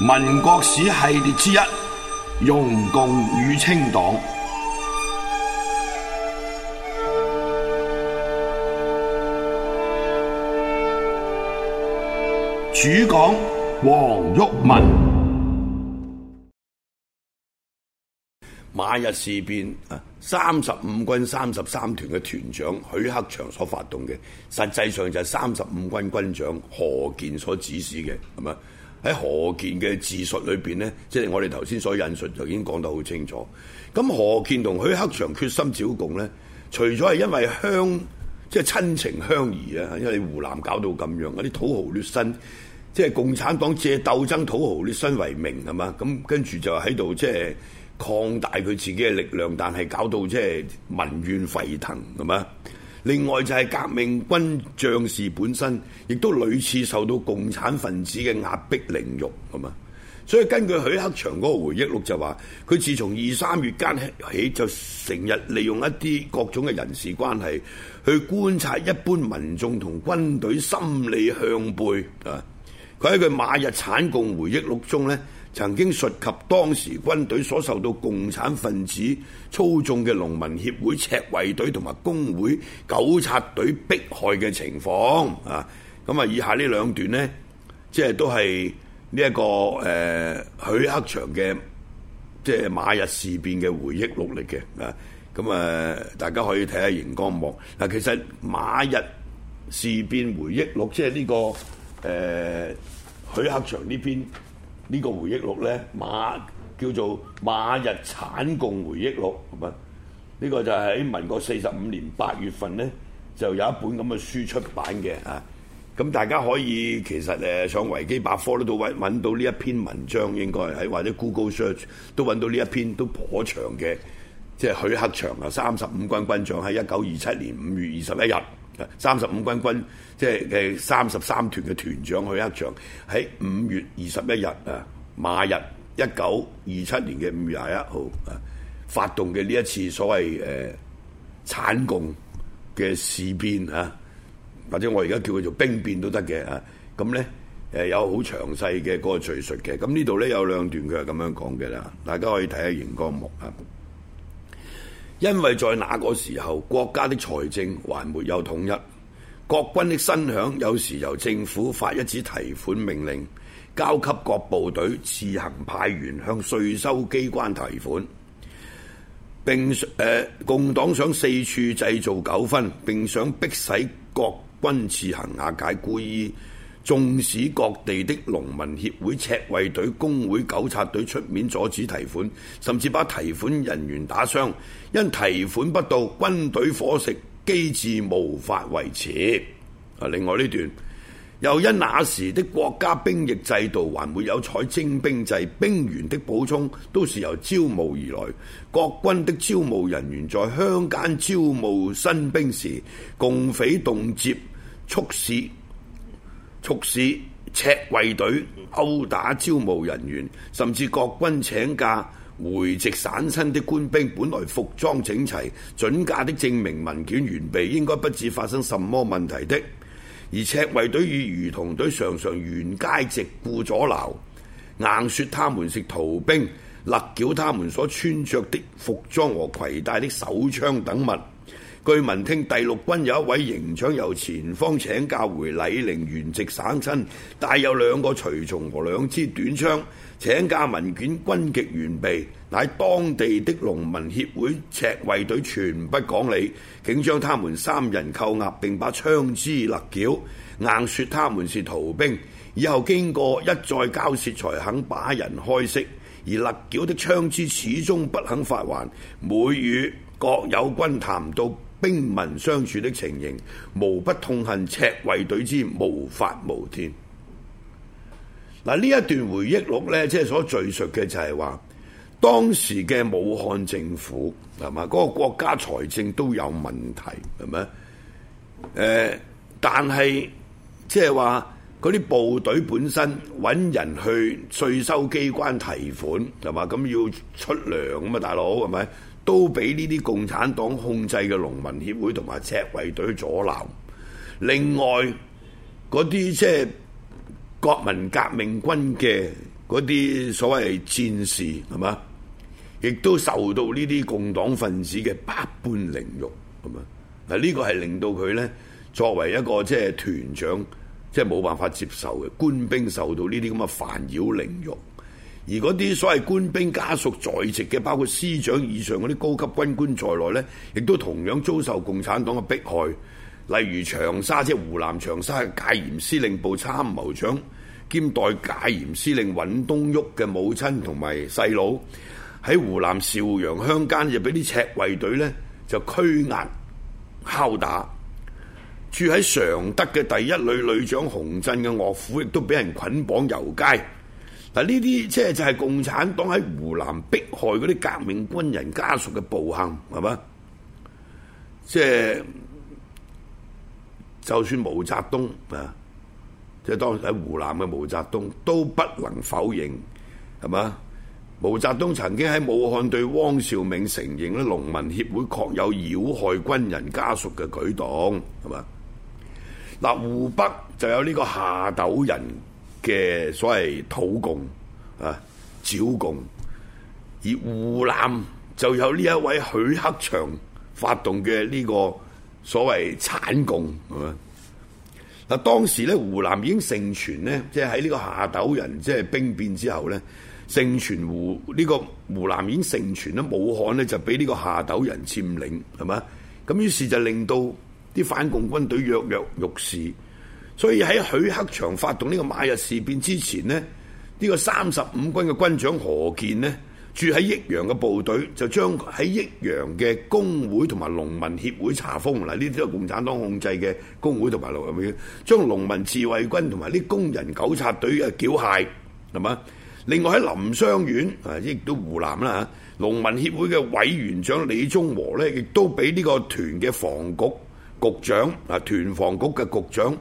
民國史系列之一，容共與清黨，主講黃毓民。馬日事變啊，三十五軍三十三團嘅團長許克祥所發動嘅，實際上就係三十五軍軍長何鍵所指使嘅，咁啊。喺何健嘅自述裏面，咧，即係我哋頭先所引述就已經講得好清楚。咁何健同許克祥決心剿共，咧，除咗係因為鄉即係親情鄉誼啊，因為湖南搞到咁樣，嗰啲土豪劣身，即係共產黨借鬥爭土豪劣身為名係嘛？咁跟住就喺度即係擴大佢自己嘅力量，但係搞到即係民怨沸騰係嘛？另外就係革命軍將士本身，亦都屢次受到共產分子嘅壓迫凌辱，係嘛？所以根據許克祥嗰個回憶錄就話，佢自從二三月間起就成日利用一啲各種嘅人事關係，去觀察一般民眾同軍隊心理向背啊！佢喺佢馬日剷共回憶錄中咧。曾經述及當時軍隊所受到共產分子操縱嘅農民協會、赤衛隊同埋工會糾察隊迫害嘅情況啊，咁啊以下呢兩段呢，即係都係呢一個誒、呃、許克祥嘅即係馬日事變嘅回憶錄嚟嘅啊，咁啊大家可以睇下熒光幕嗱，其實馬日事變回憶錄即係呢、呢個誒、呃、許克祥呢篇。呢個回憶錄呢，馬叫做《馬日剷共回憶錄》，咁啊，呢個就係喺民國四十五年八月份呢，就有一本咁嘅書出版嘅啊。咁大家可以其實上維基百科都揾揾到呢一篇文章，應該係或者 Google Search 都揾到呢一篇都頗長嘅，即係許克祥啊，三十五軍軍長喺一九二七年五月二十一日。三十五軍軍即係嘅三十三團嘅團長許克祥，喺五月二十一日啊，馬日一九二七年嘅五月廿一號啊，發動嘅呢一次所謂誒、啊、剷共嘅事變啊，或者我而家叫佢做兵變都得嘅啊，咁咧誒有好詳細嘅嗰個敘述嘅，咁呢度咧有兩段佢係咁樣講嘅啦，大家可以睇下熒光幕啊。因為在那個時候，國家的財政還沒有統一，國軍的薪餉有時由政府發一紙提款命令，交給各部隊自行派員向稅收機關提款並、呃。共黨想四處製造糾紛，並想迫使國軍自行瓦解故意。縱使各地的農民協會、赤衛隊、工會、糾察隊出面阻止提款，甚至把提款人員打傷，因提款不到，軍隊伙食機智無法維持。另外呢段又因那時的國家兵役制度還沒有採徵兵制，兵員的補充都是由招募而來。國軍的招募人員在鄉間招募新兵時，共匪動接促使。促使赤衛隊毆打招募人員，甚至各軍請假回籍省親的官兵，本來服裝整齊、準假的證明文件完備，應該不知發生什麼問題的。而赤衛隊與兒童隊常常沿街直顧阻撓，硬說他們是逃兵，勒繳他們所穿著的服裝和攜帶的手槍等物。據聞聽第六軍有一位營長由前方請假回李寧原籍省親，帶有兩個隨從和兩支短槍。請假文件均極完備，乃當地的農民協會赤衛隊全不講理，竟將他們三人扣押並把槍支勒繳，硬説他們是逃兵。以後經過一再交涉，才肯把人開釋，而勒繳的槍支始終不肯發還。每與各友軍談到，兵民相處的情形，無不痛恨赤衛隊之無法無天。嗱，呢一段回憶錄呢，即係所敘述嘅就係話，當時嘅武漢政府係嘛，嗰個國家財政都有問題，係咪？誒，但係即係話嗰啲部隊本身揾人去稅收機關提款，係嘛？咁要出糧啊嘛，大佬係咪？都俾呢啲共產黨控制嘅農民協會同埋赤衛隊阻撓。另外，嗰啲即係國民革命軍嘅嗰啲所謂戰士係嘛，亦都受到呢啲共黨分子嘅百般凌辱，係嘛？嗱，呢個係令到佢咧作為一個即係團長，即係冇辦法接受嘅官兵受到呢啲咁嘅煩擾凌辱。而嗰啲所謂官兵家屬在籍嘅，包括師長以上嗰啲高級軍官在內呢，亦都同樣遭受共產黨嘅迫害。例如長沙，即湖南長沙戒嚴司令部參謀長兼代戒嚴司令尹東旭嘅母親同埋細佬，喺湖南邵陽鄉間就俾啲赤衛隊呢就拘押敲打。住喺常德嘅第一旅旅長洪震嘅岳父亦都俾人捆綁遊街。嗱，呢啲即係就係共產黨喺湖南迫害嗰啲革命軍人家屬嘅暴行，係嘛？即係就算毛澤東啊，即係當時喺湖南嘅毛澤東都不能否認，係嘛？毛澤東曾經喺武漢對汪兆銘承認咧農民協會確有擾害軍人家屬嘅舉動，係嘛？嗱，湖北就有呢個下鬥人。嘅所謂土共啊、剿共，而湖南就有呢一位許克祥發動嘅呢個所謂剷共，係嘛？嗱，當時咧湖南已經盛傳咧，即係喺呢個夏斗寅即係、就是、兵變之後咧，盛傳湖呢、呢個湖南已經盛傳啦。武漢咧就俾呢個夏斗寅佔領，係嘛？咁於是就令到啲反共軍隊躍躍欲試。所以喺許克祥發動呢個馬日事變之前咧，呢個三十五軍嘅軍長何健咧，住喺益陽嘅部隊就將喺益陽嘅工會同埋農民協會查封，嗱，呢啲都係共產黨控制嘅工會同埋農民協會，將農民自衛軍同埋啲工人糾察隊啊繳械，係嘛？另外喺臨湘縣啊，亦都湖南啦嚇，農民協會嘅委員長李宗和呢，亦都俾呢個團嘅防局局長啊，團防局嘅局長。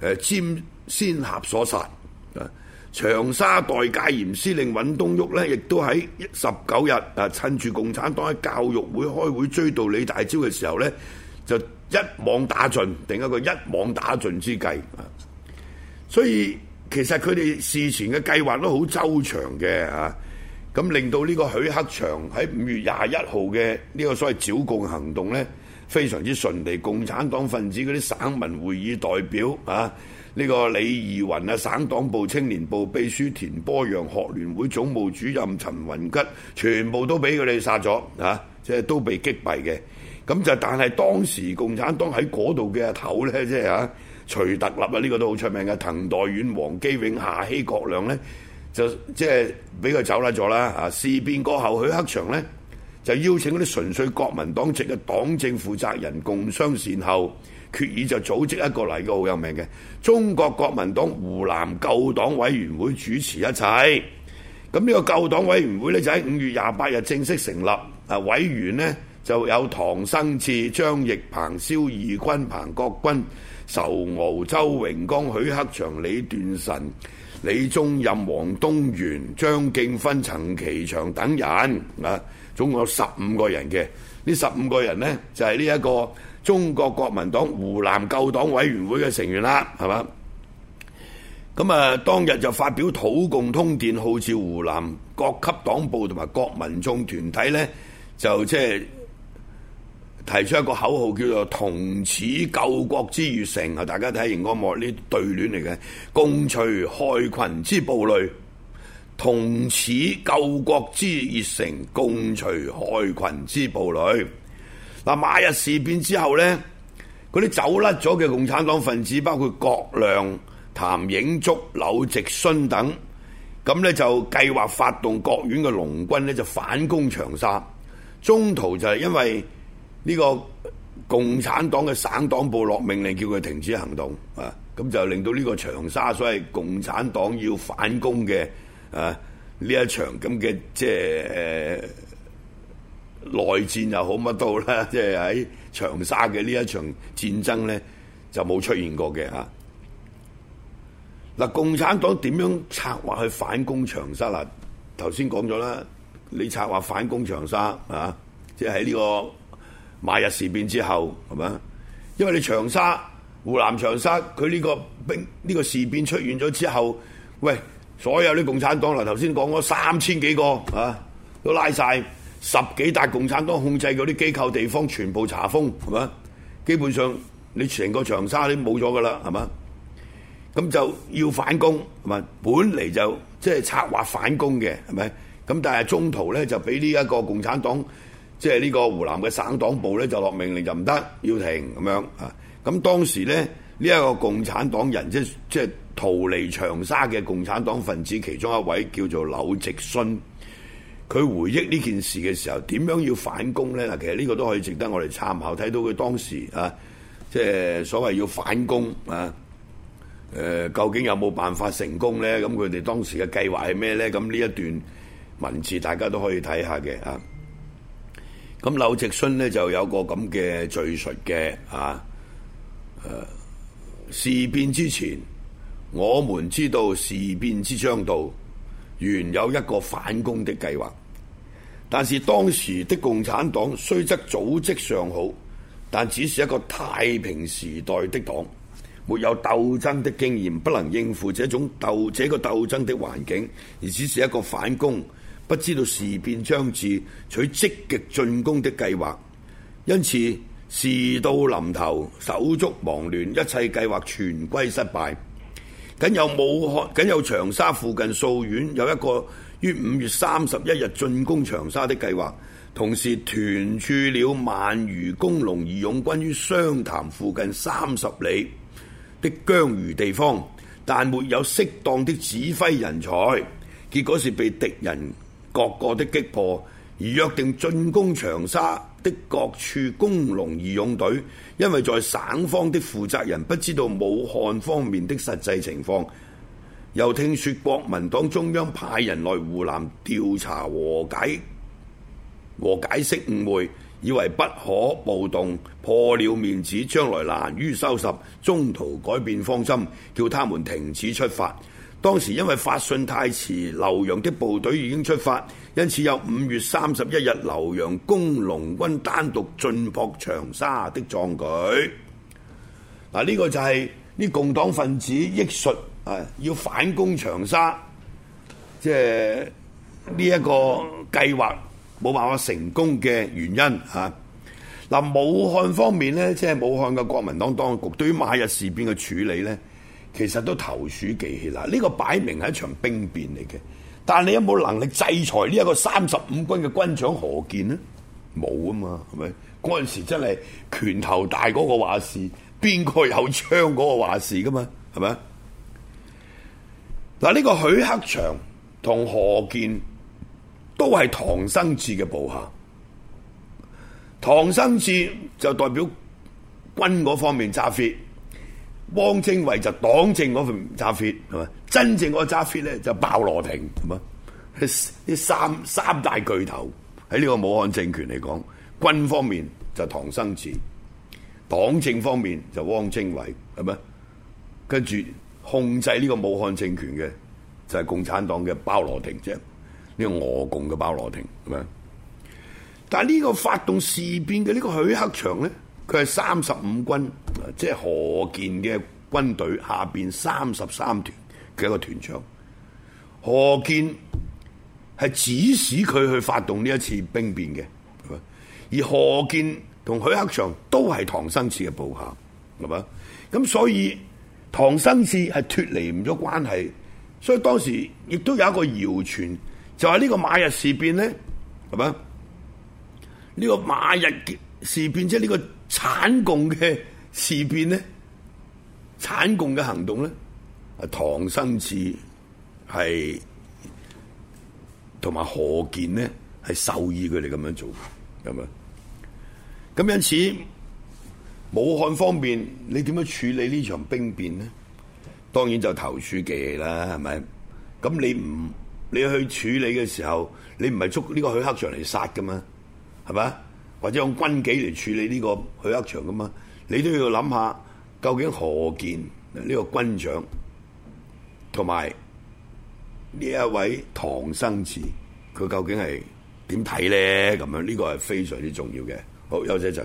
誒佔先俠所殺啊！長沙代戒嚴司令尹東旭呢亦都喺十九日啊，趁住共產黨喺教育會開會追到李大釗嘅時候呢，就一網打盡，定一個一網打盡之計啊！所以其實佢哋事前嘅計劃都好周詳嘅嚇，咁令到呢個許克祥喺五月廿一號嘅呢個所謂剿共行動呢。非常之順利，共產黨分子嗰啲省民會議代表啊，呢個李義雲啊，省黨部青年部秘書田波揚，學聯會總務主任陳雲吉，全部都俾佢哋殺咗啊！即係都被擊斃嘅。咁就但係當時共產黨喺嗰度嘅頭呢，即係啊，徐特立啊，呢個都好出名嘅，滕代遠、黃基永、夏曦、郭亮呢，就即係俾佢走甩咗啦啊！事變過後，許克祥呢。就邀請嗰啲純粹國民黨籍嘅黨政負責人共商善後決議，就組織一個嚟個好有名嘅中國國民黨湖南救黨委員會主持一切。咁呢個救黨委員會呢，就喺五月廿八日正式成立。啊，委員呢，就有唐生智、張翼鵬、蕭義軍、彭國軍、仇鰲、周榮光、許克祥、李斷臣、李宗任、王東元、張敬芬、陳其祥等人啊。總共有十五個人嘅，呢十五個人呢，就係呢一個中國國民黨湖南救黨委員會嘅成員啦，係嘛？咁啊，當日就發表討共通電，號召湖南各級黨部同埋各民眾團體呢，就即係提出一個口號叫做「同此救國之願成」，大家睇熒光幕呢對聯嚟嘅，共除害群之暴類。同此救國之熱誠，共除害群之暴戾。嗱，馬日事變之後呢，嗰啲走甩咗嘅共產黨分子，包括郭亮、譚影竹、柳直荀等，咁呢就計劃發動各縣嘅農軍呢就反攻長沙。中途就係因為呢個共產黨嘅省黨部落命令叫佢停止行動啊，咁就令到呢個長沙所謂共產黨要反攻嘅。啊！呢一場咁嘅即係、呃、內戰又好乜到啦，即係喺長沙嘅呢一場戰爭咧就冇出現過嘅吓，嗱，共產黨點樣策劃去反攻長沙啦，頭先講咗啦，你策劃反攻長沙啊？即係喺呢個馬日事變之後，係咪？因為你長沙、湖南長沙，佢呢、呢個兵呢、呢個事變出現咗之後，喂。所有啲共產黨嗱，頭先講嗰三千幾個啊，都拉晒十幾笪共產黨控制嗰啲機構地方，全部查封，係嘛？基本上你成個長沙都冇咗㗎啦，係嘛？咁就要反攻，係咪？本嚟就即係、即係、策劃反攻嘅，係咪？咁但係中途咧就俾呢一個共產黨，即係呢個湖南嘅省黨部咧就落命令就唔得，要停咁樣啊。咁當時咧呢一、呢個共產黨人即即。即係即係逃離長沙嘅共產黨分子其中一位叫做柳直荀，佢回憶呢件事嘅時候，點樣要反攻呢？其實呢個都可以值得我哋參考。睇到佢當時啊，即係所謂要反攻啊，誒、呃，究竟有冇辦法成功呢？咁佢哋當時嘅計劃係咩呢？咁呢一段文字大家都可以睇下嘅啊。咁柳直荀呢，就有個咁嘅敘述嘅啊，事變之前。我們知道事變之將到，原有一個反攻的計劃，但是當時的共產黨雖則組織尚好，但只是一個太平時代的黨，沒有鬥爭的經驗，不能應付這種鬥這個鬥爭的環境，而只是一個反攻，不知道事變將至，取積極進攻的計劃，因此事到臨頭，手足忙亂，一切計劃全歸失敗。僅有武漢，僅有長沙附近數縣有一個於五月三十一日進攻長沙的計劃，同時團駐了萬餘工農義勇軍於湘潭附近三十里的姜畬地方，但沒有適當的指揮人才，結果是被敵人個個的擊破，而約定進攻長沙。各處工農義勇隊，因為在省方的負責人不知道武漢方面的實際情況，又聽說國民黨中央派人來湖南調查和解和解釋誤會，以為不可暴動，破了面子，將來難於收拾，中途改變方針，叫他們停止出發。當時因為發信太遲，瀏陽的部隊已經出發，因此有五月三十一日瀏陽工農軍單獨進撲長沙的壯舉。嗱、啊，呢、這個就係啲共黨分子益術啊，要反攻長沙，即係呢一個計劃冇辦法成功嘅原因啊！嗱、啊，武漢方面呢，即、就、係、是、武漢嘅國民黨當局對於馬日事變嘅處理呢。其實都投鼠忌器啦，呢、呢個擺明係一場兵變嚟嘅。但係你有冇能力制裁呢一個三十五軍嘅軍長何健呢？冇啊嘛，係咪？嗰陣時真係拳頭大嗰個話事，邊個有槍嗰個話事噶嘛？係咪？嗱，呢個許克祥同何健都係唐生智嘅部下，唐生智就代表軍嗰方面揸汪精衛就黨政嗰份揸 fit 係嘛，真正嗰揸 fit 咧，就鮑羅廷係嘛，呢三三大巨頭喺呢個武漢政權嚟講，軍方面就是唐生智，黨政方面就是汪精衛係嘛，跟住控制呢個武漢政權嘅就係、是、共產黨嘅鮑羅廷啫，呢個俄共嘅鮑羅廷係嘛，但係呢個發動事變嘅呢個許克祥咧，佢係三十五軍。即係何健嘅軍隊下邊三十三團嘅一個團長，何健係指使佢去發動呢一次兵變嘅，而何健同許克祥都係唐生智嘅部下，係嘛？咁所以唐生智係脫離唔咗關係，所以當時亦都有一個謠傳，就係、係、呢個馬日事變咧，係嘛？呢、呢個馬日事變即係呢個剷共嘅。事變呢，剷共嘅行動咧，唐生智係同埋何健呢，係授意佢哋咁樣做，咁樣，咁因此武漢方面，你點樣處理呢場兵變呢？當然就投鼠忌器啦，係咪？咁你唔你去處理嘅時候，你唔係捉呢個許克祥嚟殺噶嘛？係咪？或者用軍紀嚟處理呢個許克祥噶嘛？你都要諗下，究竟何健呢個軍長同埋呢一位唐生智，佢究竟係點睇咧？咁樣呢個係非常之重要嘅。好，休息一陣。